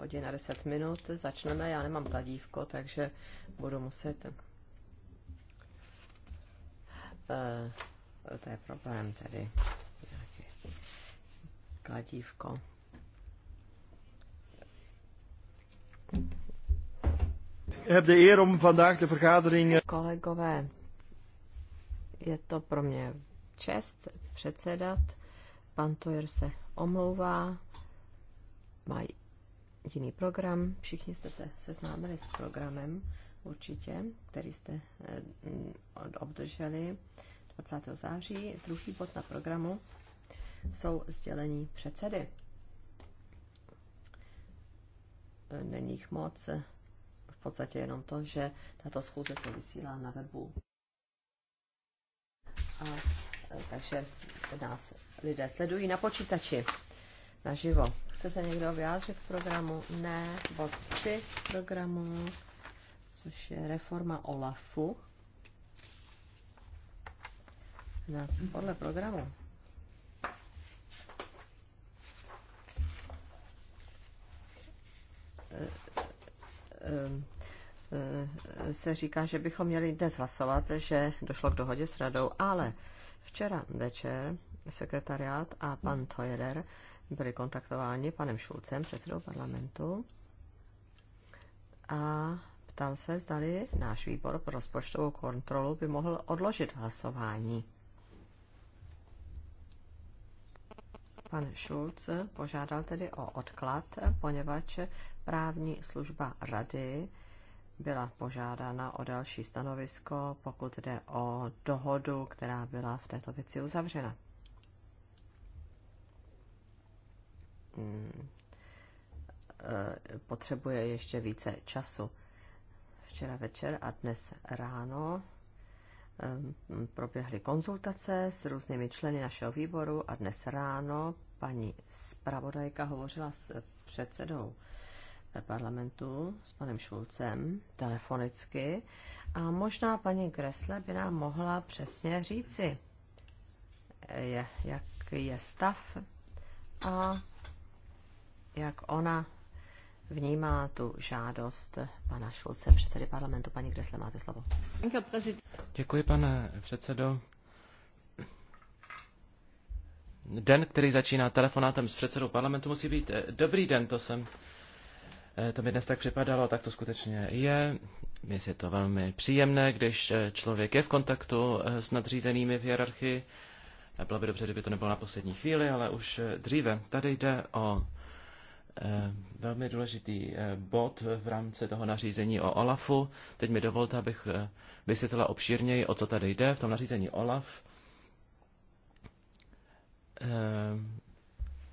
hodina 10 minut. Začneme, já nemám kladívko, takže budu muset... Uh, to je problém tady. Nějaké kladívko. Heb de eer om vandaag de vergadering... Eh, Kolegové, je to pro mě čest předsedat. Pan Tojer se omlouvá, mají jiný program. Všichni jste se seznámili s programem určitě, který jste eh, obdrželi 20. září. Druhý bod na programu jsou sdělení předsedy. Eh, není jich moc, eh, v podstatě jenom to, že tato schůze se vysílá na webu. A, takže nás lidé sledují na počítači naživo. Chce se někdo vyjádřit k programu? Ne. Bod 3 programu, což je reforma OLAFu. Na, podle programu. Eh, eh, eh, se říká, že bychom měli dnes hlasovat, že došlo k dohodě s radou, ale včera večer sekretariát a pan Toiler byli kontaktováni panem Šulcem, předsedou parlamentu, a ptal se, zdali náš výbor pro rozpočtovou kontrolu by mohl odložit hlasování. Pan Schulz požádal tedy o odklad, poněvadž právní služba rady byla požádána o další stanovisko, pokud jde o dohodu, která byla v této věci uzavřena. Mm. Eh, potřebuje ještě více času. Včera večer a dnes ráno eh, proběhly konzultace s různými členy našeho výboru a dnes ráno paní zpravodajka hovořila s předsedou parlamentu, s panem Šulcem, telefonicky a možná paní Kresle by nám mohla přesně říci, eh, jak je stav a jak ona vnímá tu žádost pana Šulce, předsedy parlamentu. Paní Kresle, máte slovo. Děkuji, pane předsedo. Den, který začíná telefonátem s předsedou parlamentu, musí být eh, dobrý den, to jsem eh, to mi dnes tak připadalo, tak to skutečně je. Mně je to velmi příjemné, když eh, člověk je v kontaktu s nadřízenými v hierarchii. Bylo by dobře, kdyby to nebylo na poslední chvíli, ale už dříve. Tady jde o Eh, velmi důležitý eh, bod v rámci toho nařízení o OLAFu. Teď mi dovolte, abych eh, vysvětlila obšírněji, o co tady jde v tom nařízení OLAF.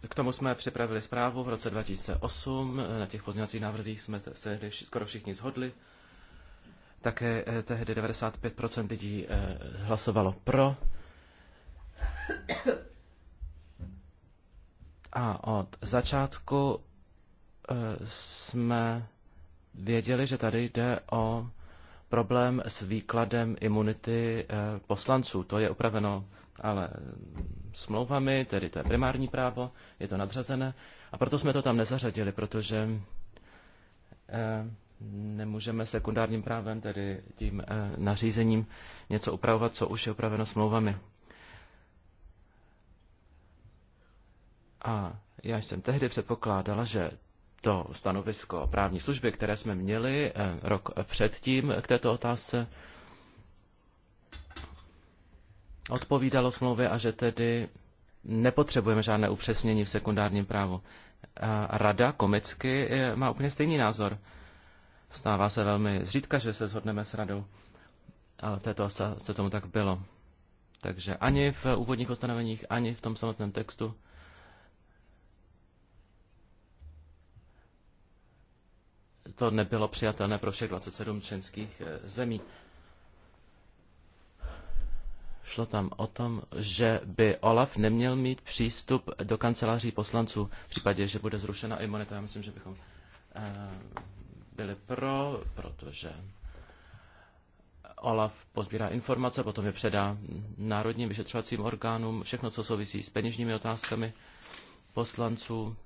K tomu jsme připravili zprávu v roce 2008. Na těch pozměňovacích návrzích jsme se skoro všichni zhodli. Také tehdy 95% lidí hlasovalo pro. A od začátku eh, jsme věděli, že tady jde o problém s výkladem imunity eh, poslanců. To je upraveno ale smlouvami, tedy to je primární právo, je to nadřazené. A proto jsme to tam nezařadili, protože eh, nemůžeme sekundárním právem, tedy tím nařízením, něco upravovat, co už je upraveno smlouvami. A já jsem tehdy předpokládala, že to stanovisko právní služby, které jsme měli eh, rok předtím k této otázce, odpovídalo smlouvě a že tedy nepotřebujeme žádné upřesnění v sekundárním právu. A rada komicky eh, má úplně stejný názor. Stává se velmi zřídka, že se shodneme s radou, ale v této se tomu tak bylo. Takže ani v úvodních ustanoveních, ani v tom samotném textu to nebylo přijatelné pro všech 27 členských eh, zemí. Šlo tam o tom, že by Olaf neměl mít přístup do kanceláří poslanců v případě, že bude zrušena imunita. Já myslím, že bychom eh, byli pro, protože Olaf pozbírá informace, potom je předá národním vyšetřovacím orgánům, všechno, co souvisí s peněžními otázkami poslanců,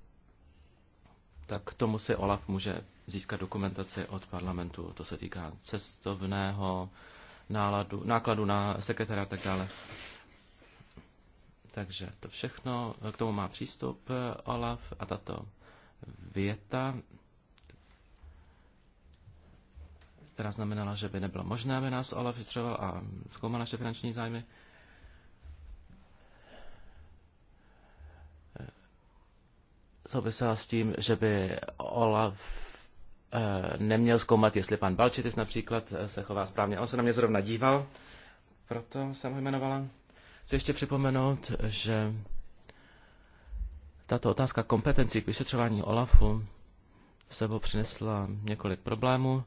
tak k tomu si Olaf může získat dokumentaci od parlamentu. To se týká cestovného, náladu, nákladu na sekretára a tak dále. Takže to všechno, k tomu má přístup Olaf a tato věta, která znamenala, že by nebylo možné, aby nás Olaf vytřeboval a zkoumal naše finanční zájmy. Souvisela s tím, že by Olaf Eh, neměl zkoumat, jestli pan Balčitis například eh, se chová správně. On se na mě zrovna díval, proto jsem ho jmenovala. Chci ještě připomenout, že tato otázka kompetencí k vyšetřování OLAFu sebou přinesla několik problémů,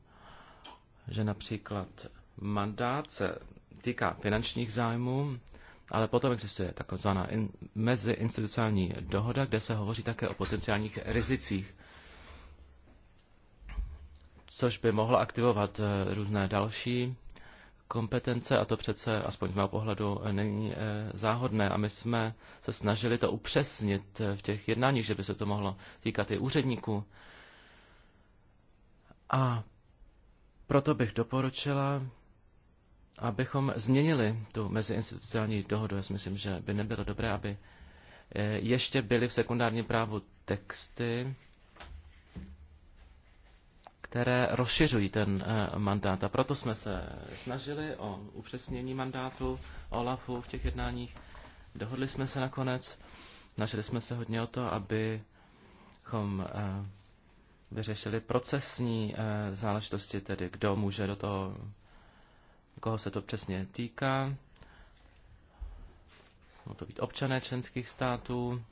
že například mandát se týká finančních zájmů, ale potom existuje takzvaná in, meziinstitucionální dohoda, kde se hovoří také o potenciálních rizicích což by mohlo aktivovat eh, různé další kompetence a to přece, aspoň z mého pohledu, eh, není eh, záhodné. A my jsme se snažili to upřesnit v těch jednáních, že by se to mohlo týkat i úředníků. A proto bych doporučila, abychom změnili tu meziinstitucionální dohodu. Já si myslím, že by nebylo dobré, aby ještě byly v sekundárním právu texty, které rozšiřují ten eh, mandát. A proto jsme se snažili o upřesnění mandátu OLAFu v těch jednáních. Dohodli jsme se nakonec, snažili jsme se hodně o to, abychom eh, vyřešili procesní eh, záležitosti, tedy kdo může do toho, koho se to přesně týká. Mohou to být občané členských států,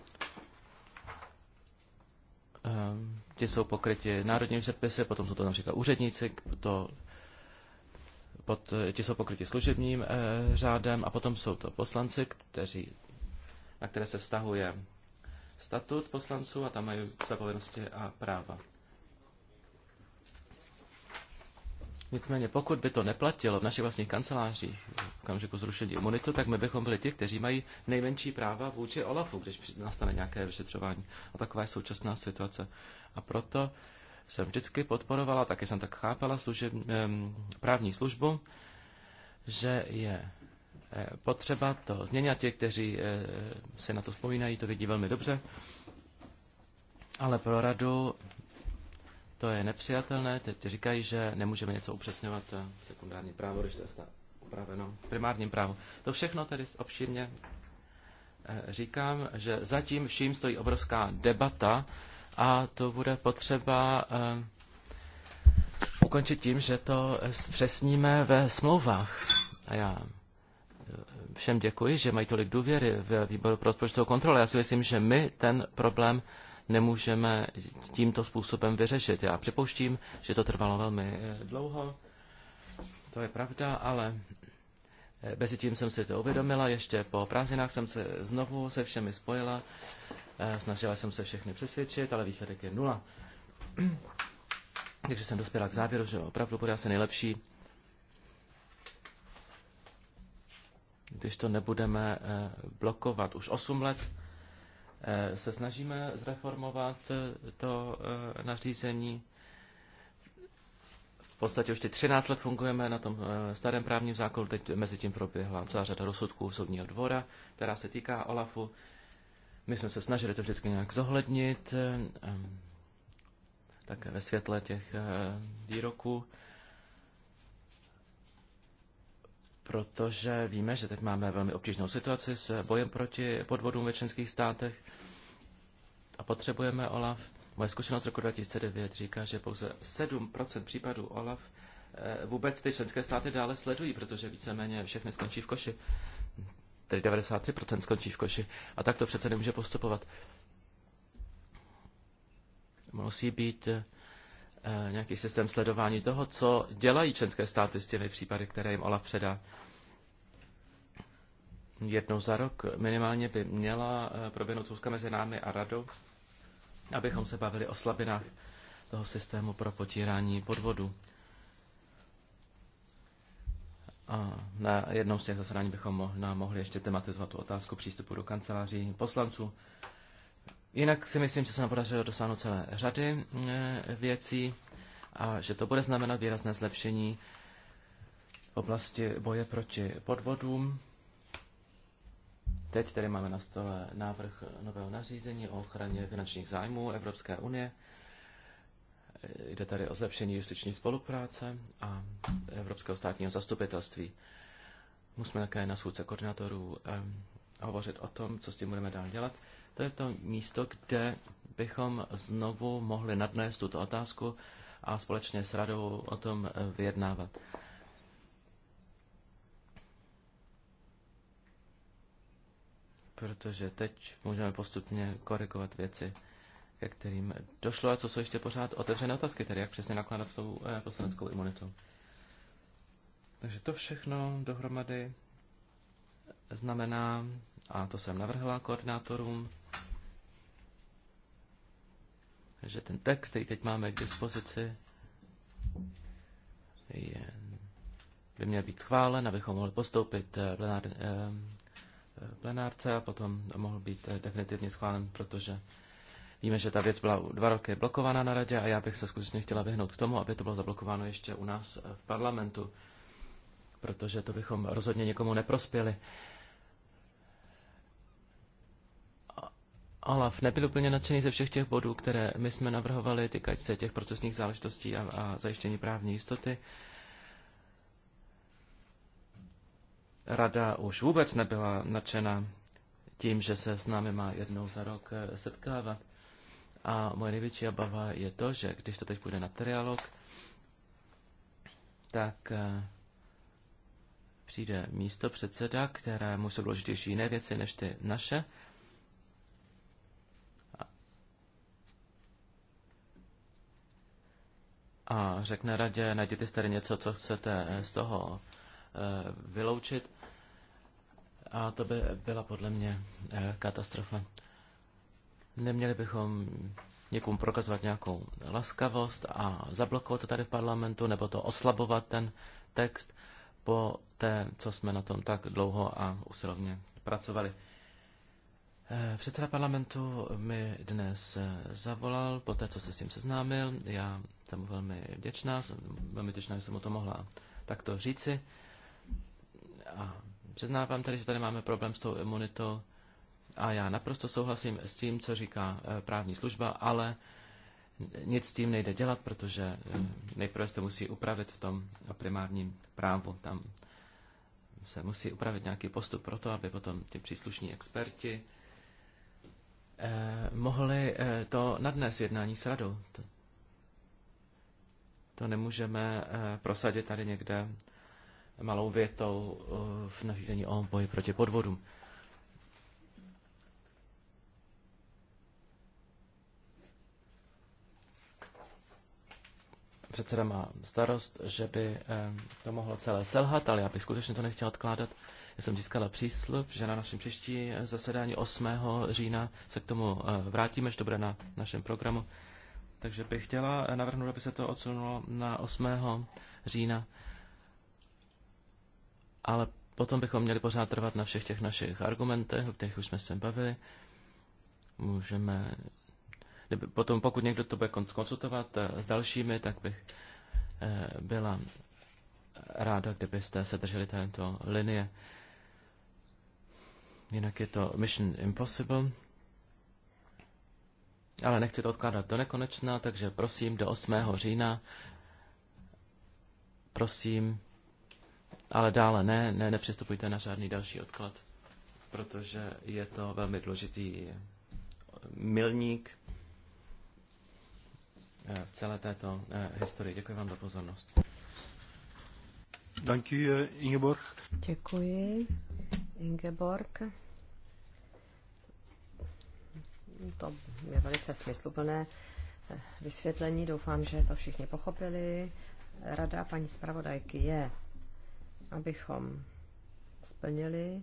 ehm, ty jsou pokryti národními předpisy, potom jsou to například úředníci, to, pod, ti jsou pokryti služebním e, řádem a potom jsou to poslanci, kteří, na které se vztahuje statut poslanců a tam mají své povinnosti a práva. Nicméně pokud by to neplatilo v našich vlastních kancelářích v okamžiku zrušení imunitu, tak my bychom byli ti, kteří mají nejmenší práva vůči OLAFu, když nastane nějaké vyšetřování. A taková je současná situace. A proto jsem vždycky podporovala, taky jsem tak chápala služeb, právní službu, že je eh, potřeba to změnit. A ti, kteří eh, se na to vzpomínají, to vidí velmi dobře. Ale pro radu to je nepřijatelné. Teď říkají, že nemůžeme něco upřesňovat v eh, sekundárním právu, když to je upraveno v primárním právu. To všechno tedy obšírně eh, říkám, že zatím vším stojí obrovská debata a to bude potřeba eh, ukončit tím, že to zpřesníme ve smlouvách. A já všem děkuji, že mají tolik důvěry v výboru pro rozpočtovou kontrolu. Já si myslím, že my ten problém nemůžeme tímto způsobem vyřešit. Já připouštím, že to trvalo velmi eh, dlouho, to je pravda, ale eh, mezi tím jsem si to uvědomila, ještě po prázdninách jsem se znovu se všemi spojila, eh, snažila jsem se všechny přesvědčit, ale výsledek je nula. Takže jsem dospěla k závěru, že opravdu bude asi nejlepší, když to nebudeme blokovat už 8 let, Eh, se snažíme zreformovat eh, to eh, nařízení. V podstatě už ty 13 let fungujeme na tom starém právním zákonu, teď mezi tím proběhla celá řada rozsudků soudního dvora, která se týká OLAFu. My jsme se snažili to vždycky nějak zohlednit, také ve světle těch výroků protože víme, že teď máme velmi obtížnou situaci s bojem proti podvodům ve členských státech a potřebujeme OLAF. Moje zkušenost z roku 2009 říká, že pouze 7% případů OLAF eh, vůbec ty členské státy dále sledují, protože víceméně všechny skončí v koši. Tedy 93% skončí v koši. A tak to přece nemůže postupovat. Musí být eh, Eh, nějaký systém sledování toho, co dělají členské státy s těmi případy, které jim OLAF předá. Jednou za rok minimálně by měla eh, proběhnout zůzka mezi námi a radou, abychom se bavili o slabinách toho systému pro potírání podvodu. A na jednom z těch zasedání bychom mohli ještě tematizovat tu otázku přístupu do kanceláří poslanců Jinak si myslím, že se nám podařilo dosáhnout celé řady eh, věcí a že to bude znamenat výrazné zlepšení v oblasti boje proti podvodům. Teď tady máme na stole návrh nového nařízení o ochraně finančních zájmů Evropské unie. Eh, jde tady o zlepšení justiční spolupráce a Evropského státního zastupitelství. Musíme také na schůdce koordinátorů eh, hovořit o tom, co s tím budeme dál dělat. To je to místo, kde bychom znovu mohli nadnést tuto otázku a společně s radou o tom vyjednávat. Protože teď můžeme postupně korigovat věci, ke kterým došlo a co jsou ještě pořád otevřené otázky, tedy jak přesně nakládat s tou eh, poslaneckou imunitou. Takže to všechno dohromady znamená, a to jsem navrhla koordinátorům, že ten text, který teď máme k dispozici, je, by měl být schválen, abychom mohli postoupit eh, plenár, eh, eh, plenárce a potom mohl být definitivně schválen, protože víme, že ta věc byla dva roky blokovaná na radě a já bych se skutečně chtěla vyhnout k tomu, aby to bylo zablokováno ještě u nás v parlamentu, protože to bychom rozhodně někomu neprospěli. Olaf nebyl úplně nadšený ze všech těch bodů, které my jsme navrhovali, týkať se těch procesních záležitostí a, a zajištění právní jistoty. Rada už vůbec nebyla nadšená tím, že se s námi má jednou za rok eh, setkávat. A moje největší obava je to, že když to teď půjde na trialog, tak eh, přijde místo předseda, kterému jsou důležitější jiné věci než ty naše, a řekne radě, najděte si tady něco, co chcete eh, z toho eh, vyloučit. A to by byla podle mě eh, katastrofa. Neměli bychom někomu prokazovat nějakou laskavost a zablokovat to tady v parlamentu, nebo to oslabovat ten text po té, co jsme na tom tak dlouho a usilovně pracovali. Předseda parlamentu mi dnes zavolal, po té, co se s tím seznámil. Já jsem mu velmi vděčná, jsem velmi vděčná, že jsem mu to mohla takto říci. A přiznávám tady, že tady máme problém s tou imunitou a já naprosto souhlasím s tím, co říká eh, právní služba, ale nic s tím nejde dělat, protože eh, nejprve se musí upravit v tom primárním právu. Tam se musí upravit nějaký postup pro to, aby potom ty příslušní experti eh, mohli to nadnést v jednání s radou. To nemůžeme eh, prosadit tady někde malou větou eh, v nařízení o boji proti podvodům. Předseda má starost, že by eh, to mohlo celé selhat, ale já bych skutečně to nechtěl odkládat. Já jsem získala příslub, že na našem příští zasedání 8. října se k tomu vrátíme, že to bude na našem programu. Takže bych chtěla navrhnout, aby se to odsunulo na 8. října. Ale potom bychom měli pořád trvat na všech těch našich argumentech, o kterých už jsme se bavili. Můžeme... Kdyby, potom, pokud někdo to bude konsultovat eh, s dalšími, tak bych eh, byla ráda, kdybyste se drželi této linie. Jinak je to Mission Impossible ale nechci to odkládat do nekonečna, takže prosím do 8. října, prosím, ale dále ne, ne, nepřistupujte na žádný další odklad, protože je to velmi důležitý milník eh, v celé této eh, historii. Děkuji vám za pozornost. Děkuji, eh, Ingeborg. Děkuji, Ingeborg to je velice smysluplné eh, vysvětlení. Doufám, že to všichni pochopili. Rada paní zpravodajky je, abychom splnili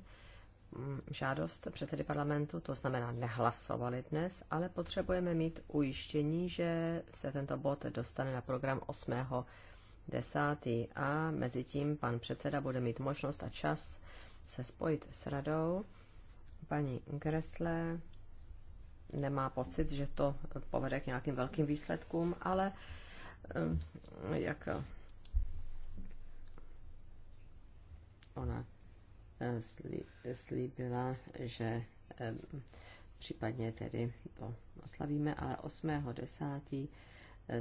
mm, žádost předsedy parlamentu, to znamená nehlasovali dnes, ale potřebujeme mít ujištění, že se tento bod dostane na program 8. 10. a mezi tím pan předseda bude mít možnost a čas se spojit s radou. Paní Gressle nemá pocit, že to povede k nějakým velkým výsledkům, ale um, jak eh, ona eh, slíbila, že eh, případně tedy to oslavíme, ale 8.10.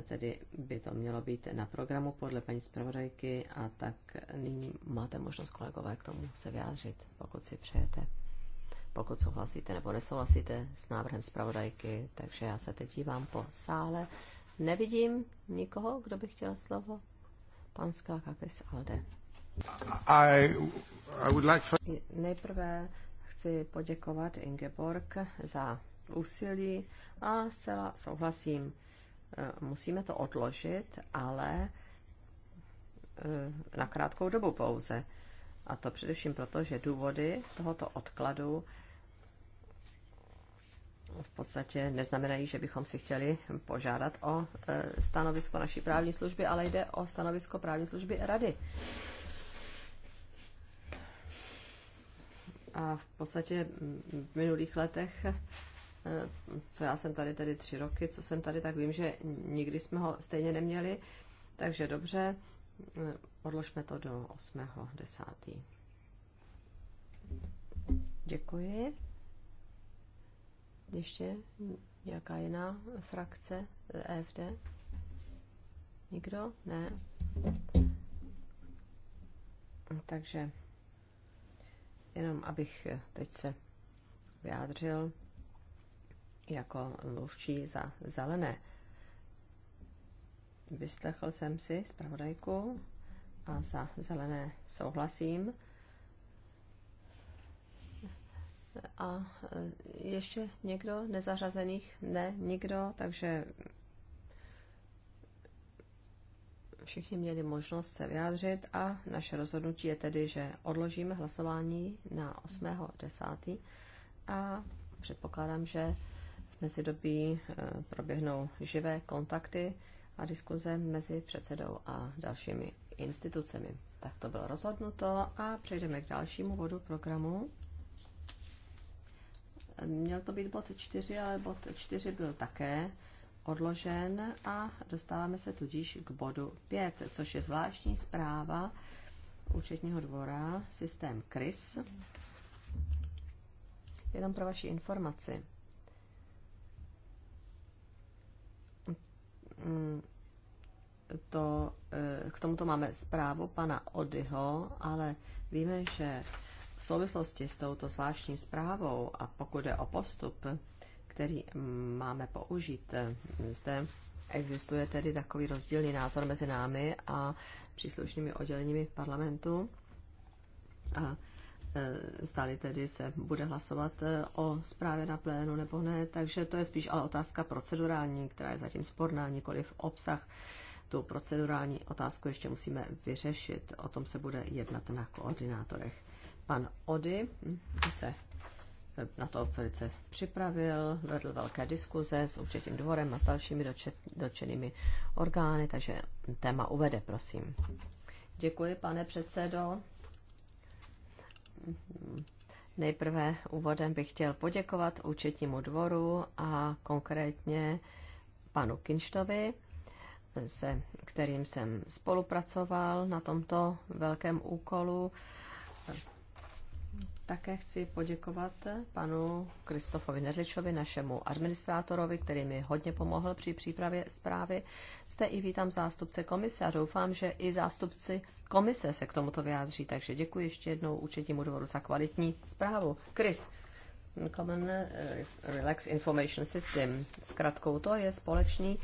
tedy by to mělo být na programu podle paní zpravodajky a tak nyní máte možnost kolegové k tomu se vyjádřit, pokud si přejete pokud souhlasíte nebo nesouhlasíte s návrhem zpravodajky. Takže já se teď dívám po sále. Nevidím nikoho, kdo by chtěl slovo. Pan Skakakis Alde. I, I would like for... Nejprve chci poděkovat Ingeborg za úsilí a zcela souhlasím. E, musíme to odložit, ale e, na krátkou dobu pouze. A to především proto, že důvody tohoto odkladu v podstatě neznamenají, že bychom si chtěli požádat o e, stanovisko naší právní služby, ale jde o stanovisko právní služby rady. A v podstatě v minulých letech, e, co já jsem tady tedy tři roky, co jsem tady, tak vím, že nikdy jsme ho stejně neměli. Takže dobře, odložme to do 8.10. Děkuji. Ještě nějaká jiná frakce EFD? Nikdo? Ne? Takže jenom abych teď se vyjádřil jako mluvčí za zelené. Vyslechl jsem si zpravodajku a za zelené souhlasím. A e, ještě někdo nezařazených? Ne, nikdo, takže všichni měli možnost se vyjádřit a naše rozhodnutí je tedy, že odložíme hlasování na 8.10. a předpokládám, že v mezidobí e, proběhnou živé kontakty a diskuze mezi předsedou a dalšími institucemi. Tak to bylo rozhodnuto a přejdeme k dalšímu bodu programu. Měl to být bod 4, ale bod 4 byl také odložen a dostáváme se tudíž k bodu 5, což je zvláštní zpráva účetního dvora systém KRIS. Jenom pro vaši informaci. to, eh, k tomuto máme zprávu pana Odyho, ale víme, že v souvislosti s touto zvláštní zprávou a pokud je o postup, který máme použít, eh, zde existuje tedy takový rozdílný názor mezi námi a příslušnými odděleními parlamentu. A Eh, zdali tedy se bude hlasovat eh, o zprávě na plénu nebo ne, takže to je spíš ale otázka procedurální, která je zatím sporná, nikoli v obsah. Tu procedurální otázku ještě musíme vyřešit, o tom se bude jednat na koordinátorech. Pan Ody se na to velice připravil, vedl velké diskuze s určitým dvorem a s dalšími dočet, dočenými orgány, takže téma uvede, prosím. Děkuji, pane předsedo. Nejprve úvodem bych chtěl poděkovat účetnímu dvoru a konkrétně panu Kinštovi, se kterým jsem spolupracoval na tomto velkém úkolu. Také chci poděkovat panu Kristofovi Nerličovi, našemu administrátorovi, který mi hodně pomohl při přípravě zprávy. Zde i vítám zástupce komise a doufám, že i zástupci komise se k tomuto vyjádří. Takže děkuji ještě jednou účetnímu dvoru za kvalitní zprávu. Chris, Common eh, Relax Information System, zkrátkou to je společný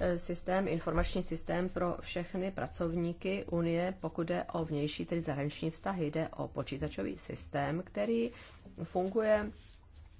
eh, systém, informační systém pro všechny pracovníky Unie, pokud jde o vnější, tedy zahraniční vztahy, jde o počítačový systém, který funguje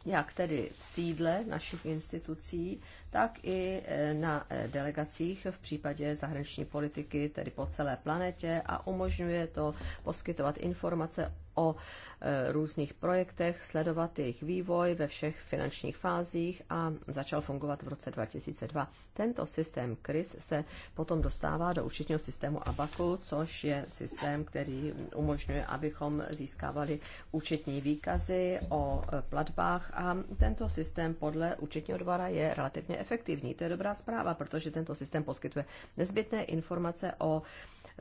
jak tedy v sídle našich institucí, tak i e, na e, delegacích v případě zahraniční politiky, tedy po celé planetě a umožňuje to poskytovat informace o e, různých projektech, sledovat jejich vývoj ve všech finančních fázích a začal fungovat v roce 2002. Tento systém CRIS se potom dostává do účetního systému ABACu, což je systém, který umožňuje, abychom získávali účetní výkazy o e, platbách a tento systém podle účetního dvora je relativně efektivní. To je dobrá zpráva, protože tento systém poskytuje nezbytné informace o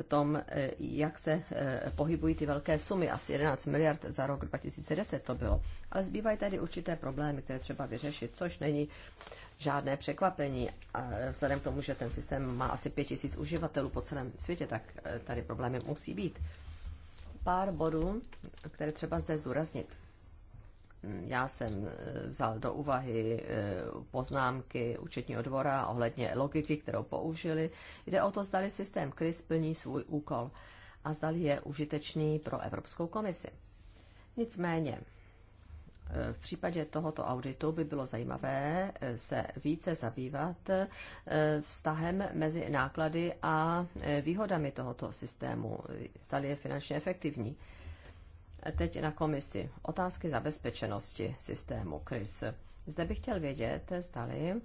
tom, eh, jak se eh, pohybují ty velké sumy, asi 11 miliard za rok 2010 to bylo. Ale zbývají tady určité problémy, které třeba vyřešit, což není žádné překvapení. A vzhledem k tomu, že ten systém má asi 5000 uživatelů po celém světě, tak eh, tady problémy musí být. Pár bodů, které třeba zde zdůraznit. Mm, já jsem eh, vzal do úvahy eh, poznámky účetního dvora ohledně logiky, kterou použili. Jde o to, zdali systém CRIS plní svůj úkol a zdali je užitečný pro Evropskou komisi. Nicméně, eh, v případě tohoto auditu by bylo zajímavé se více zabývat vztahem mezi náklady a výhodami tohoto systému. Zdali je finančně efektivní. Teď na komisi. Otázky zabezpečenosti systému KRIS. Zde bych chtěl vědět, zdali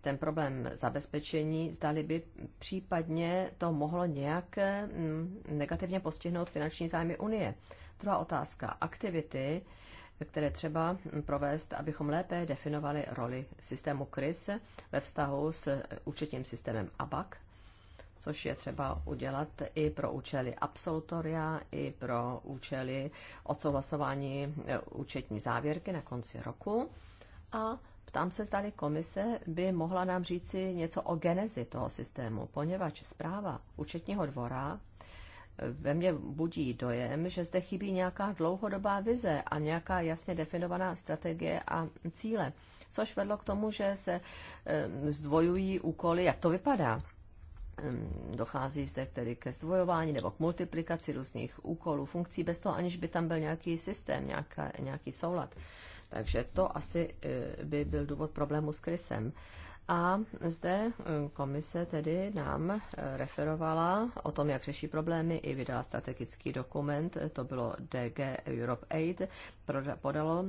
ten problém zabezpečení, zdali by případně to mohlo nějak mm, negativně postihnout finanční zájmy Unie. Druhá otázka. Aktivity, které třeba provést, abychom lépe definovali roli systému KRIS ve vztahu s účetním systémem ABAC což je třeba udělat i pro účely absolutoria, i pro účely odsouhlasování e, účetní závěrky na konci roku. A ptám se, zdali komise by mohla nám říci něco o genezi toho systému, poněvadž zpráva účetního dvora e, ve mně budí dojem, že zde chybí nějaká dlouhodobá vize a nějaká jasně definovaná strategie a cíle, což vedlo k tomu, že se e, zdvojují úkoly, jak to vypadá dochází zde tedy ke zdvojování nebo k multiplikaci různých úkolů, funkcí, bez toho aniž by tam byl nějaký systém, nějaká, nějaký soulad. Takže to asi eh, by byl důvod problému s krysem. A zde eh, komise tedy nám eh, referovala o tom, jak řeší problémy, i vydala strategický dokument, eh, to bylo DG Europe Aid, podalo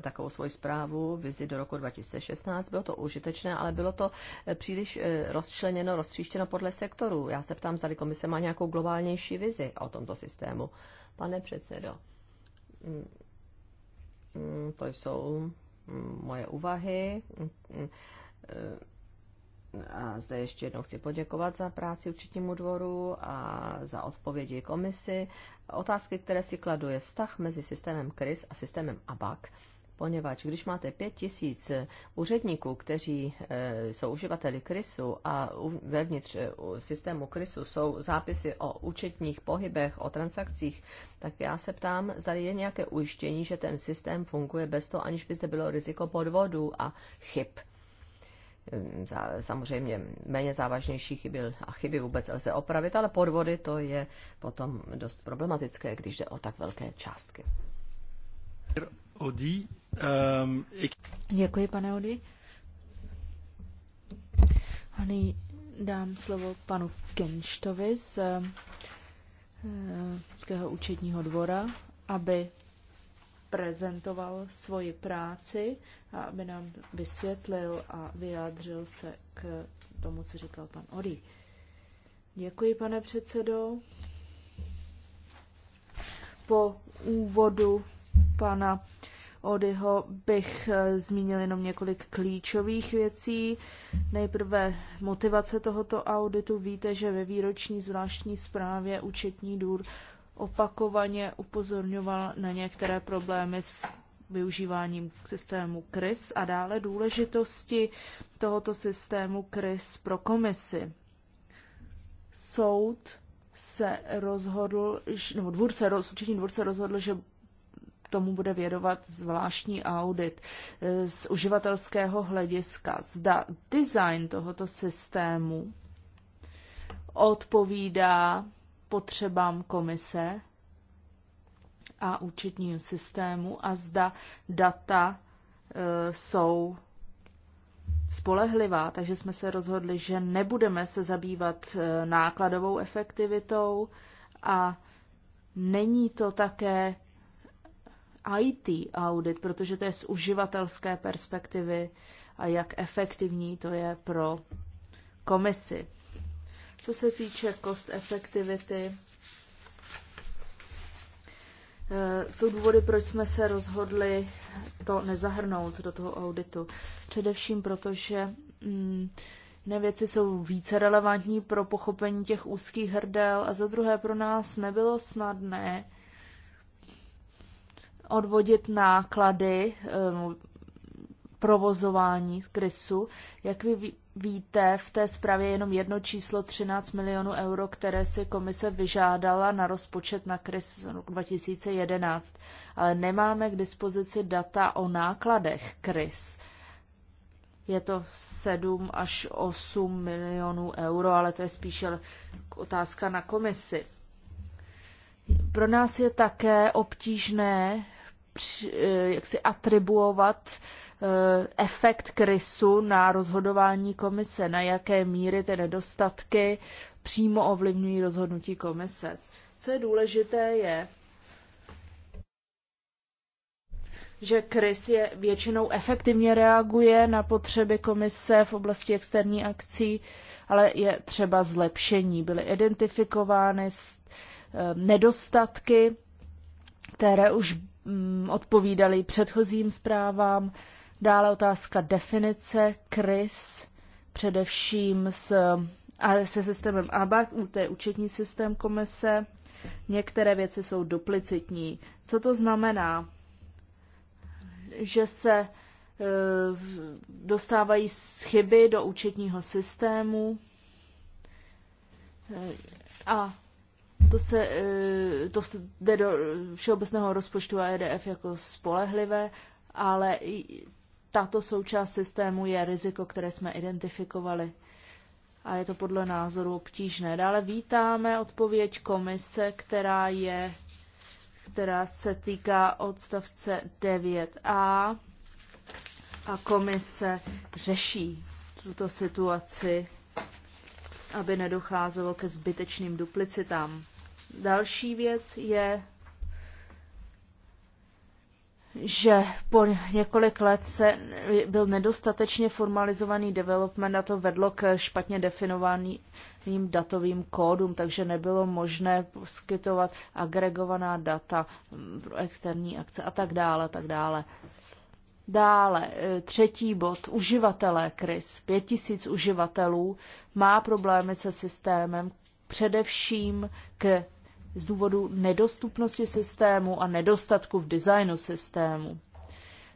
takovou svoji zprávu, vizi do roku 2016. Bylo to užitečné, ale bylo to příliš rozčleněno, roztříštěno podle sektorů. Já se ptám, zda komise má nějakou globálnější vizi o tomto systému. Pane předsedo, mm, mm, to jsou mm, moje úvahy a zde ještě jednou chci poděkovat za práci určitímu dvoru a za odpovědi komisi. Otázky, které si kladu, je vztah mezi systémem KRIS a systémem ABAC, poněvadž když máte pět tisíc úředníků, kteří e, jsou uživateli KRISu a u, vevnitř e, systému KRISu jsou zápisy o účetních pohybech, o transakcích, tak já se ptám, zda je nějaké ujištění, že ten systém funguje bez toho, aniž by zde bylo riziko podvodu a chyb samozřejmě méně závažnější chyby a chyby vůbec lze opravit, ale podvody to je potom dost problematické, když jde o tak velké částky. Odi, ehm, Děkuji, pane Odi. A nyní dám slovo panu Kenštovi z eh, Českého účetního dvora, aby prezentoval svoji práci a aby nám vysvětlil a vyjádřil se k tomu, co říkal pan Ori. Děkuji, pane předsedo. Po úvodu pana Odyho bych eh, zmínil jenom několik klíčových věcí. Nejprve motivace tohoto auditu. Víte, že ve výroční zvláštní zprávě účetní důr opakovaně upozorňoval na některé problémy s využíváním systému Cris a dále důležitosti tohoto systému Cris pro komisi. Soud se rozhodl, nebo dvůr se, účetní dvůr se rozhodl, že tomu bude vědovat zvláštní audit eh, z uživatelského hlediska. Zda design tohoto systému odpovídá potřebám komise a účetního systému a zda data e, jsou spolehlivá, takže jsme se rozhodli, že nebudeme se zabývat e, nákladovou efektivitou a není to také IT audit, protože to je z uživatelské perspektivy a jak efektivní to je pro komisi. Co se týče cost efektivity, eh, jsou důvody, proč jsme se rozhodli to nezahrnout do toho auditu. Především proto, že mm, jiné věci jsou více relevantní pro pochopení těch úzkých hrdel a za druhé pro nás nebylo snadné odvodit náklady eh, no, provozování v krysu. Jak vy víte, v té zprávě je jenom jedno číslo 13 milionů euro, které si komise vyžádala na rozpočet na Kris 2011, ale nemáme k dispozici data o nákladech Kris. Je to 7 až 8 milionů euro, ale to je spíše otázka na komisi. Pro nás je také obtížné eh, jak si atribuovat Eh, efekt krysu na rozhodování komise, na jaké míry ty nedostatky přímo ovlivňují rozhodnutí komise. Co je důležité je, že KRIS je většinou efektivně reaguje na potřeby komise v oblasti externí akcí, ale je třeba zlepšení. Byly identifikovány eh, nedostatky, které už mm, odpovídaly předchozím zprávám Dále otázka definice KRIS, především s, se systémem ABAC, to je účetní systém komise. Některé věci jsou duplicitní. Co to znamená? Že se e, dostávají chyby do účetního systému e, a to se e, to jde do všeobecného rozpočtu a EDF jako spolehlivé, ale tato součást systému je riziko, které jsme identifikovali. A je to podle názoru obtížné. Dále vítáme odpověď komise, která je která se týká odstavce 9a a komise řeší tuto situaci, aby nedocházelo ke zbytečným duplicitám. Další věc je že po několik let se byl nedostatečně formalizovaný development a to vedlo k špatně definovaným datovým kódům, takže nebylo možné poskytovat agregovaná data mm, pro externí akce a tak dále, tak dále. Dále, e, třetí bod, uživatelé KRIS, tisíc uživatelů má problémy se systémem, především k z důvodu nedostupnosti systému a nedostatku v designu systému.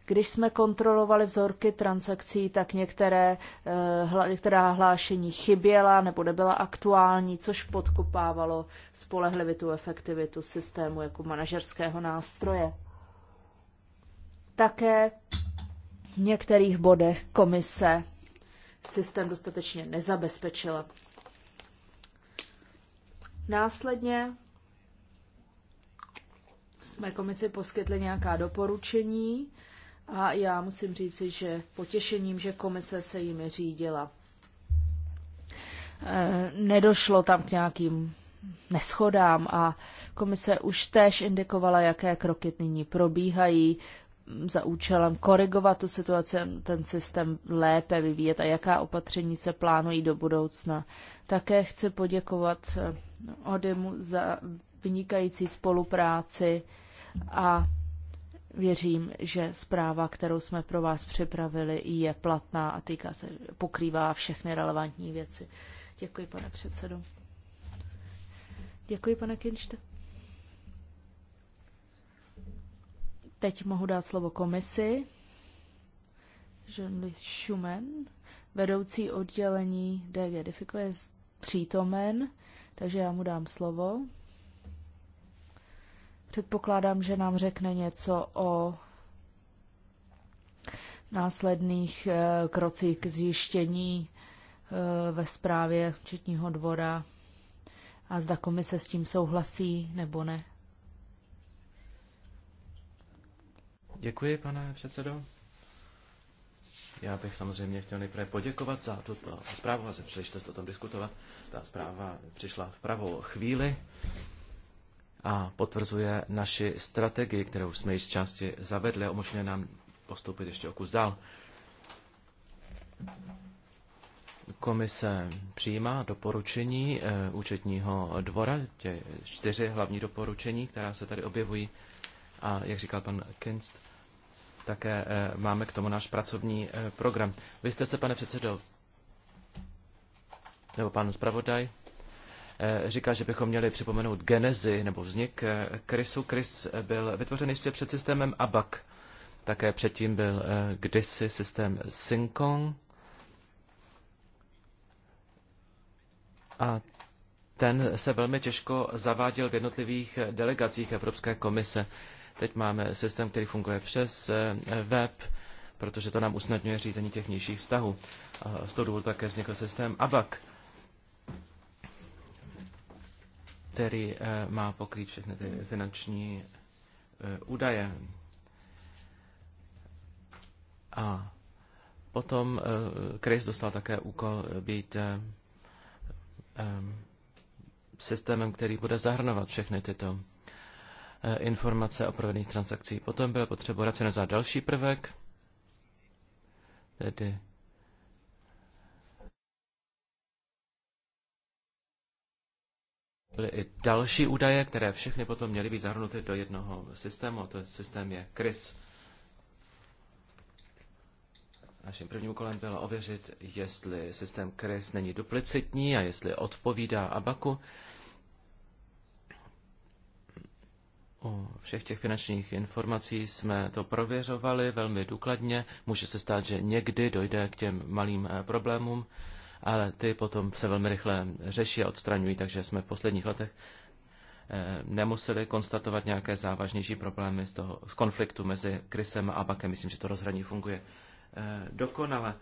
Když jsme kontrolovali vzorky transakcí, tak některé, eh, některá hlášení chyběla nebo nebyla aktuální, což podkopávalo spolehlivitu efektivitu systému jako manažerského nástroje. Také v některých bodech komise systém dostatečně nezabezpečila. Následně jsme komisi poskytli nějaká doporučení a já musím říci, že potěšením, že komise se jimi řídila. Eh, nedošlo tam k nějakým neschodám a komise už též indikovala, jaké kroky nyní probíhají za účelem korigovat tu situaci, ten systém lépe vyvíjet a jaká opatření se plánují do budoucna. Také chci poděkovat eh, Odemu za vynikající spolupráci a věřím, že zpráva, kterou jsme pro vás připravili, je platná a týká se, pokrývá všechny relevantní věci. Děkuji, pane předsedo. Děkuji, pane Kinšte. Teď mohu dát slovo komisi. Jean-Louis Schumann, vedoucí oddělení DG Defico, je přítomen, takže já mu dám slovo. Předpokládám, že nám řekne něco o následných eh, krocích k zjištění eh, ve zprávě Četního dvora a zda komise s tím souhlasí nebo ne. Děkuji, pane předsedo. Já bych samozřejmě chtěl nejprve poděkovat za tuto zprávu a se příležitost o tom diskutovat. Ta zpráva přišla v pravou chvíli a potvrzuje naši strategii, kterou jsme již z části zavedli a umožňuje nám postoupit ještě o kus dál. Komise přijímá doporučení eh, účetního dvora, tě čtyři hlavní doporučení, která se tady objevují. A jak říkal pan Kinst, také eh, máme k tomu náš pracovní eh, program. Vy jste se, pane předsedo, nebo pan zpravodaj, Eh, říká, že bychom měli připomenout genezi nebo vznik Krysu. Eh, Krys byl vytvořen ještě před systémem ABAC. Také předtím byl eh, kdysi systém Syncon. A ten se velmi těžko zaváděl v jednotlivých delegacích Evropské komise. Teď máme systém, který funguje přes web, protože to nám usnadňuje řízení těch nižších vztahů. z toho důvodu také vznikl systém ABAC. který eh, má pokrýt všechny ty finanční eh, údaje. A potom eh, Chris dostal také úkol být systémem, který bude zahrnovat všechny tyto informace o provedených transakcích. Potom bylo potřeba racionalizovat další prvek, tedy byly i další údaje, které všechny potom měly být zahrnuty do jednoho systému, a to systém je CRIS. Naším prvním úkolem bylo ověřit, jestli systém CRIS není duplicitní a jestli odpovídá ABAKu. U všech těch finančních informací jsme to prověřovali velmi důkladně. Může se stát, že někdy dojde k těm malým eh, problémům, ale ty potom se velmi rychle řeší a odstraňují, takže jsme v posledních letech eh, nemuseli konstatovat nějaké závažnější problémy z, toho, z konfliktu mezi Krysem a Abakem. Myslím, že to rozhraní funguje eh, dokonale.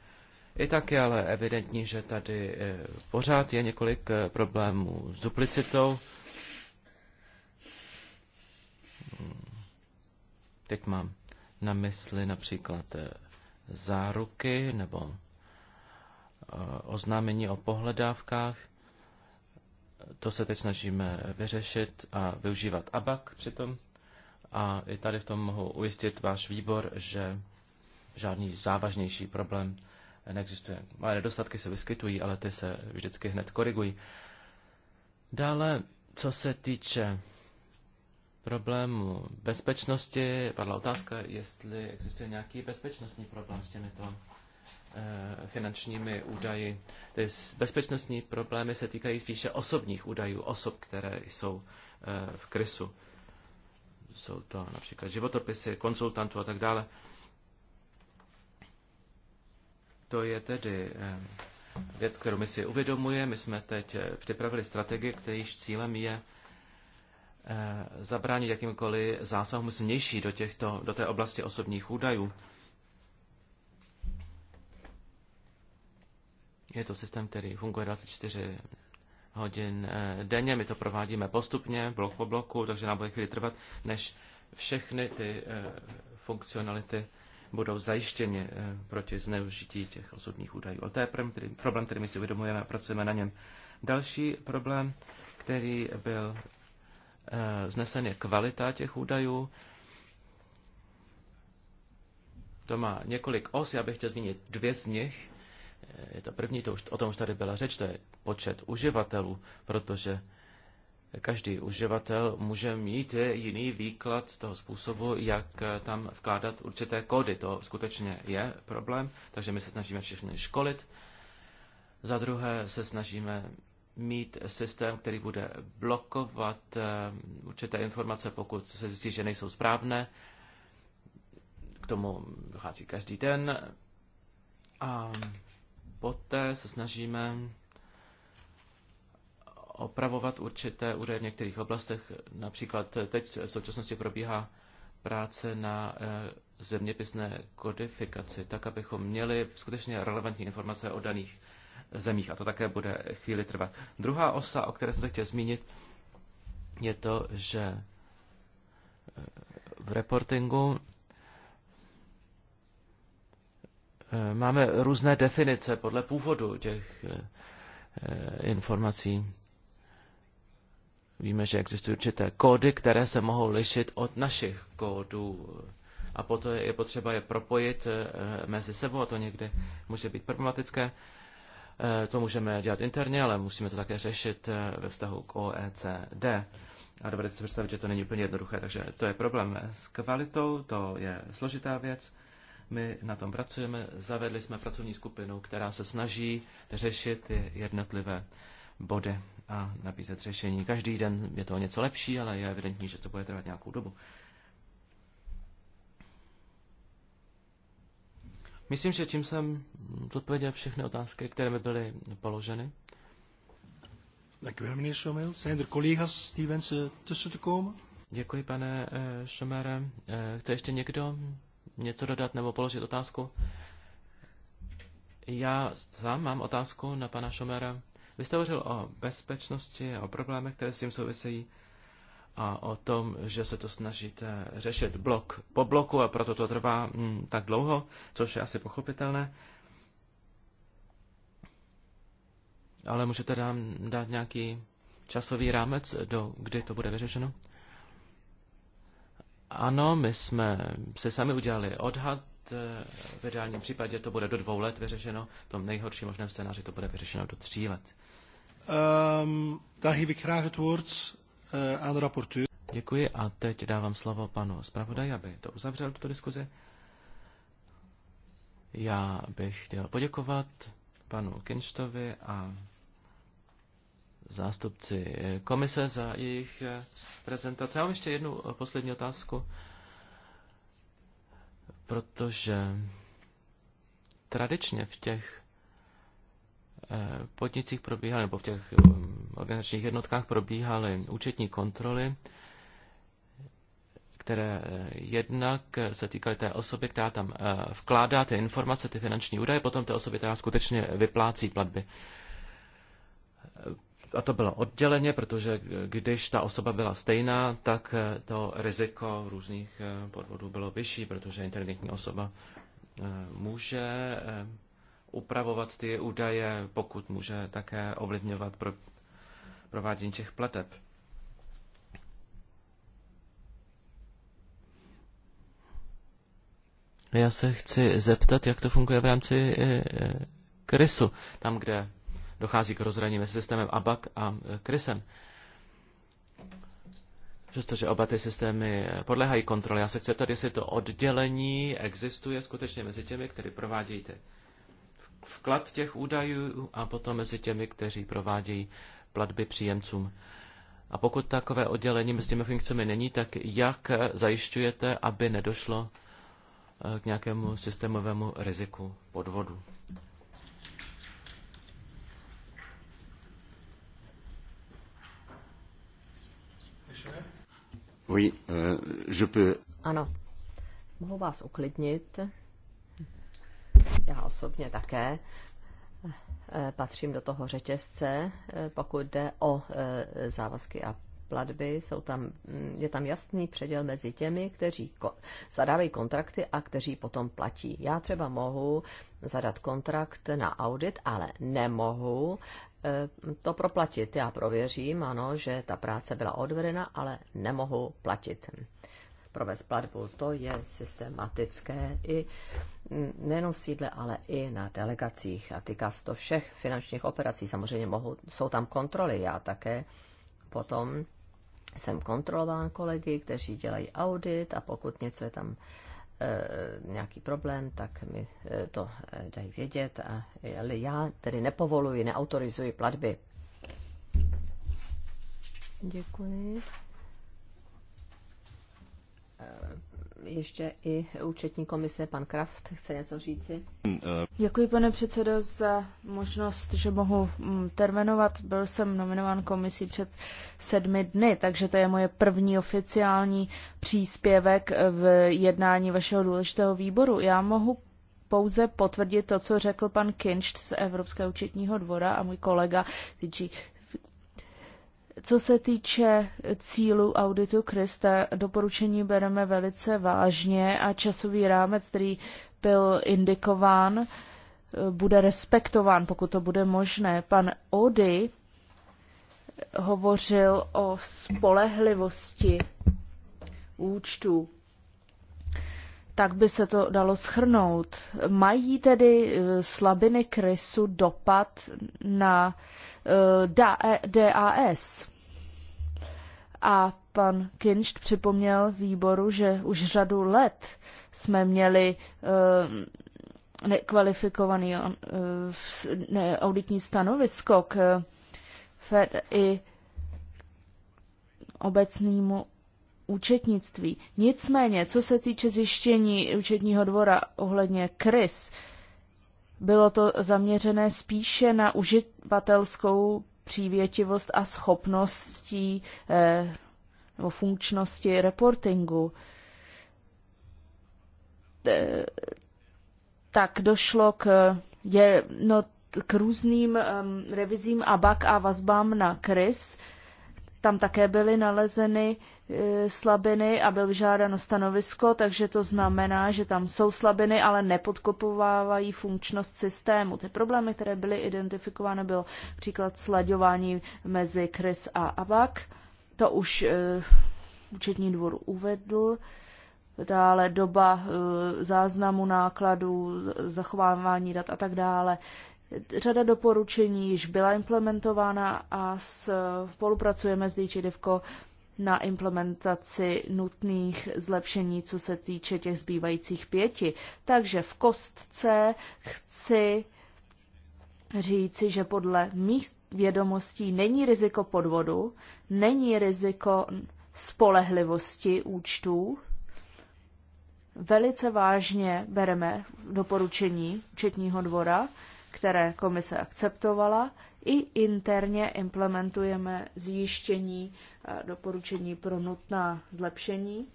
I tak je ale evidentní, že tady eh, pořád je několik problémů s duplicitou. Teď mám na mysli například záruky nebo oznámení o pohledávkách. To se teď snažíme vyřešit a využívat ABAC přitom. A i tady v tom mohu ujistit váš výbor, že žádný závažnější problém neexistuje. Malé nedostatky se vyskytují, ale ty se vždycky hned korigují. Dále, co se týče problému bezpečnosti, padla otázka, jestli existuje nějaký bezpečnostní problém s těmito Eh, finančními údaji. Ty bezpečnostní problémy se týkají spíše osobních údajů, osob, které jsou eh, v krysu. Jsou to například životopisy, konsultantů a tak dále. To je tedy eh, věc, kterou my si uvědomuje. My jsme teď připravili strategii, kterýž cílem je zabránit jakýmkoliv zásahům znější do, těchto, do té oblasti osobních údajů. Je to systém, který funguje 24 hodin eh, denně. My to provádíme postupně, blok po bloku, takže nám bude chvíli trvat, než všechny ty eh, funkcionality budou zajištěny eh, proti zneužití těch osobních údajů. Ale to je problém, který my si uvědomujeme a pracujeme na něm. Další problém, který byl znesen, je kvalita těch údajů. To má několik os, já bych chtěl zmínit dvě z nich je to první, to už, o tom už tady byla řeč, to je počet uživatelů, protože každý uživatel může mít jiný výklad z toho způsobu, jak tam vkládat určité kódy. To skutečně je problém, takže my se snažíme všechny školit. Za druhé se snažíme mít systém, který bude blokovat eh, určité informace, pokud se zjistí, že nejsou správné. K tomu dochází každý den. A poté se snažíme opravovat určité údaje v některých oblastech. Například teď v současnosti probíhá práce na eh, zeměpisné kodifikaci, tak abychom měli skutečně relevantní informace o daných zemích a to také bude chvíli trvat. Druhá osa, o které jsem se chtěl zmínit, je to, že eh, v reportingu Eh, máme různé definice podle původu těch eh, informací. Víme, že existují určité kódy, které se mohou lišit od našich kódů. A proto je potřeba je propojit eh, mezi sebou a to někdy může být problematické. To můžeme dělat interně, ale musíme to také řešit ve vztahu k OECD. A dovedete si představit, že to není úplně jednoduché, takže to je problém s kvalitou, to je složitá věc. My na tom pracujeme, zavedli jsme pracovní skupinu, která se snaží řešit ty jednotlivé body a nabízet řešení. Každý den je to něco lepší, ale je evidentní, že to bude trvat nějakou dobu. Myslím, že tím jsem zodpověděl všechny otázky, které mi byly položeny. Er Děkuji, pane Šomere. Eh, eh, chce ještě někdo něco dodat nebo položit otázku? Já sám mám otázku na pana Šomera. Vy jste hovořil o bezpečnosti, o problémech, které s tím souvisejí a o tom, že se to snažíte řešit blok po bloku a proto to trvá mm, tak dlouho, což je asi pochopitelné. Ale můžete nám dát nějaký časový rámec, do kdy to bude vyřešeno? Ano, my jsme se sami udělali odhad. Eh, v ideálním případě to bude do dvou let vyřešeno. V tom nejhorším možném scénáři to bude vyřešeno do tří let. Um, ehm, dan geef ik graag het woord uh, aan de rapporteur. Děkuji a teď dávám slovo panu zpravodaji, aby to uzavřel tuto diskuzi. Já bych chtěl poděkovat panu Kinštovi a zástupci eh, komise za jejich eh, prezentaci. Já mám ještě jednu eh, poslední otázku, protože tradičně v těch podnicích probíhaly, nebo v těch mm, organizačních jednotkách probíhaly účetní kontroly, které jednak se týkaly té osoby, která tam vkládá ty informace, ty finanční údaje, potom té osoby, která skutečně vyplácí platby a to bylo odděleně, protože když ta osoba byla stejná, tak eh, to riziko různých eh, podvodů bylo vyšší, protože inteligentní osoba eh, může upravovat ty údaje, pokud může také ovlivňovat pro provádění těch plateb. Já se chci zeptat, jak to funguje v rámci krysu, tam, kde dochází k rozhraní mezi systémem ABAC a e, KRISem. Přestože oba ty systémy e, podléhají kontrole, já se chci tady, jestli to oddělení existuje skutečně mezi těmi, kteří provádějí ty vklad těch údajů a potom mezi těmi, kteří provádějí platby příjemcům. A pokud takové oddělení mezi těmi funkcemi není, tak jak e, zajišťujete, aby nedošlo k nějakému systémovému riziku podvodu? Oui, euh, je peux... Ano, mohu vás uklidnit. Já osobně také eh, patřím do toho řetězce, eh, pokud jde o eh, závazky a platby, jsou tam, mm, je tam jasný předěl mezi těmi, kteří zadávají kontrakty a kteří potom platí. Já třeba mohu zadat kontrakt na audit, ale nemohu Eh, to proplatit. Já prověřím, ano, že ta práce byla odvedena, ale nemohu platit. Provést platbu, to je systematické i nejenom v sídle, ale i na delegacích. A týká se to všech finančních operací. Samozřejmě mohu, jsou tam kontroly. Já také potom jsem kontrolován kolegy, kteří dělají audit a pokud něco je tam Eh, nějaký problém, tak mi eh, to eh, dají vědět, a, ale já tedy nepovoluji, neautorizuji platby. Děkuji. Eh, ještě i účetní komise, pan Kraft, chce něco říci. Mm, eh. Děkuji, pane předsedo, za možnost, že mohu mm, terminovat. Byl jsem nominován komisí před sedmi dny, takže to je moje první oficiální příspěvek eh, v jednání vašeho důležitého výboru. Já mohu pouze potvrdit to, co řekl pan Kinch z Evropského účetního dvora a můj kolega DG co se týče cílů auditu Krista, doporučení bereme velice vážně a časový rámec, který byl indikován, eh, bude respektován, pokud to bude možné. Pan Ody hovořil o spolehlivosti účtů tak by se to dalo schrnout. Mají tedy eh, slabiny krysu dopad na eh, DAS. Eh, A pan Kinšt připomněl výboru, že už řadu let jsme měli nekvalifikovaný auditní stanovisko k FED i obecnému účetnictví. Nicméně, co se týče zjištění účetního dvora ohledně krys, bylo to zaměřené spíše na uživatelskou přívětivost a schopností eh, nebo funkčnosti reportingu. Eh, tak došlo k, je, no, k různým um, revizím a bak a vazbám na KRIS. Eh, tam také byly nalezeny e, slabiny a byl vyžádáno stanovisko, takže to znamená, že tam jsou slabiny, ale nepodkopovávají funkčnost systému. Ty problémy, které byly identifikovány, bylo příklad slaďování mezi Chris a Abak. To už e, účetní dvor uvedl. Dále doba e, záznamu nákladů, zachovávání dat a tak dále. Řada doporučení již byla implementována a spolupracujeme s DG Divko na implementaci nutných zlepšení, co se týče těch zbývajících pěti. Takže v kostce chci říci, že podle mých vědomostí není riziko podvodu, není riziko spolehlivosti účtů. Velice vážně bereme doporučení četního dvora které komise akceptovala, i interně implementujeme zjištění a eh, doporučení pro nutná zlepšení,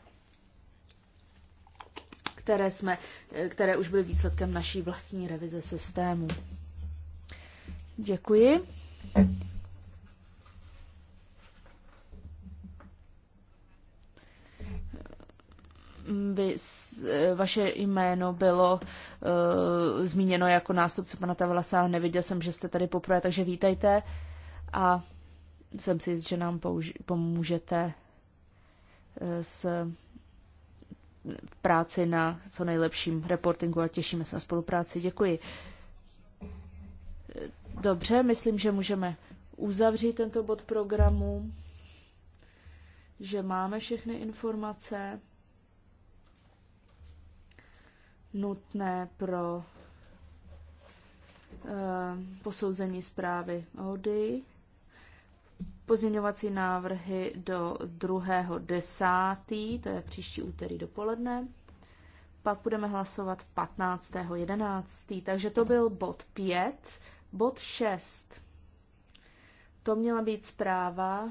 které, jsme, eh, které už byly výsledkem naší vlastní revize systému. Děkuji. by vaše jméno bylo uh, zmíněno jako nástupce pana Tavlasa, ale neviděl jsem, že jste tady poprvé, takže vítejte a jsem si jist, že nám pomůžete eh, s práci na co nejlepším reportingu a těšíme se na spolupráci. Děkuji. Dobře, myslím, že můžeme uzavřít tento bod programu, že máme všechny informace nutné pro eh, posouzení zprávy ODI. Pozměňovací návrhy do 2.10., to je příští úterý dopoledne. Pak budeme hlasovat 15.11. Takže to byl bod 5. Bod 6. To měla být zpráva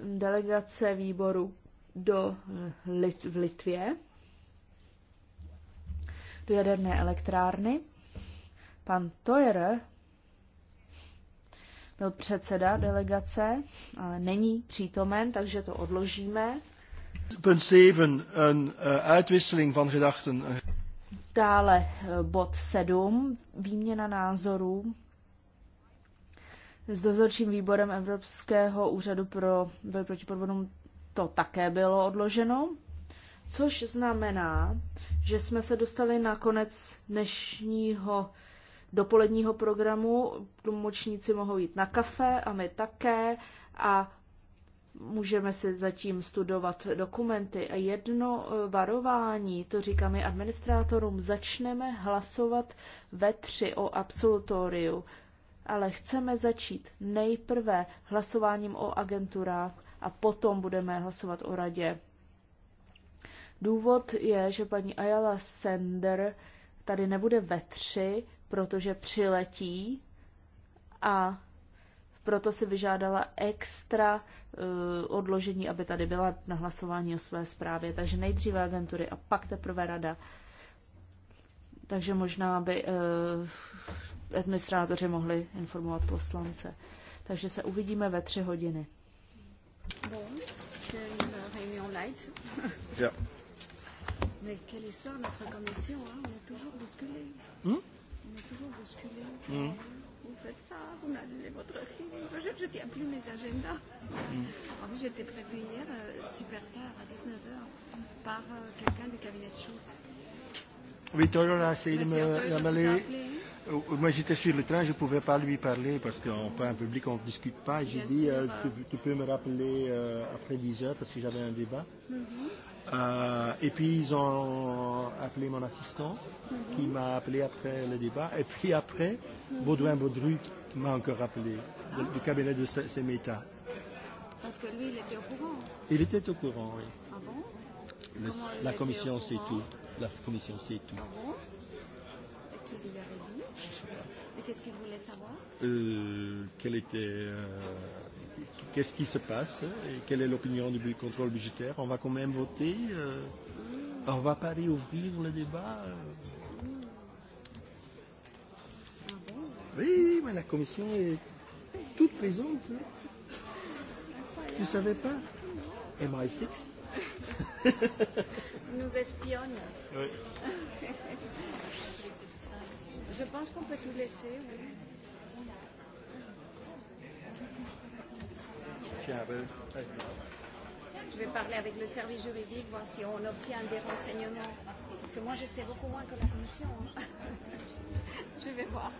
delegace výboru do, eh, v Litvě do jaderné elektrárny. Pan Toyer byl předseda delegace, ale není přítomen, takže to odložíme. Punt 7, een eh, uitwisseling van gedachten. Dále eh, bod 7, výměna názorů s dozorčím výborem Evropského úřadu pro boj proti podvodům to také bylo odloženo. Což znamená, že jsme se dostali na konec dnešního dopoledního programu. Tlumočníci mohou jít na kafe a my také a můžeme si zatím studovat dokumenty. A jedno eh, varování, to říkám i administrátorům, začneme hlasovat ve tři o absolutoriu, ale chceme začít nejprve hlasováním o agenturách a potom budeme hlasovat o radě. Důvod je, že paní Ayala Sender tady nebude ve tři, protože přiletí a proto si vyžádala extra uh, odložení, aby tady byla na hlasování o své zprávě. Takže nejdříve agentury a pak teprve rada. Takže možná by uh, administrátoři mohli informovat poslance. Takže se uvidíme ve tři hodiny. Bon, yeah. Mais quelle est ça, notre commission, hein, on est toujours bousculé. Hum On est toujours bousculé. Hmm. Vous faites ça, vous m'annulez votre rire. Je ne tiens plus mes agendas. Hmm. En plus, j'étais prévue hier, euh, super tard, à 19h, par euh, quelqu'un du cabinet de Schultz. Vittorio Rassi, il m'a euh, Moi, j'étais sur le train, je ne pouvais pas lui parler parce qu'en plein public, on ne discute pas. J'ai dit, sûr, euh, euh, tu, tu peux me rappeler euh, après 10 heures parce que j'avais un débat. Mm -hmm. Euh, et puis ils ont appelé mon assistant, mm-hmm. qui m'a appelé après le débat. Et puis après, mm-hmm. Baudouin Baudru m'a encore appelé de, du cabinet de Semeta. Parce que lui, il était au courant. Il était au courant, oui. Ah bon le, La commission sait tout. La commission sait tout. Ah bon qu'est-ce qu'il avait dit Je sais pas. Et qu'est-ce qu'il voulait savoir euh, Quel était. Euh, qu'est-ce qui se passe et quelle est l'opinion du contrôle budgétaire. On va quand même voter. Euh, on ne va pas réouvrir le débat. Euh. Oui, oui, mais la commission est toute présente. Tu ne savais pas MI6 Nous espionne. Oui. Je pense qu'on peut tout laisser, oui. Je vais parler avec le service juridique, voir si on obtient des renseignements. Parce que moi, je sais beaucoup moins que la commission. Hein. je vais voir.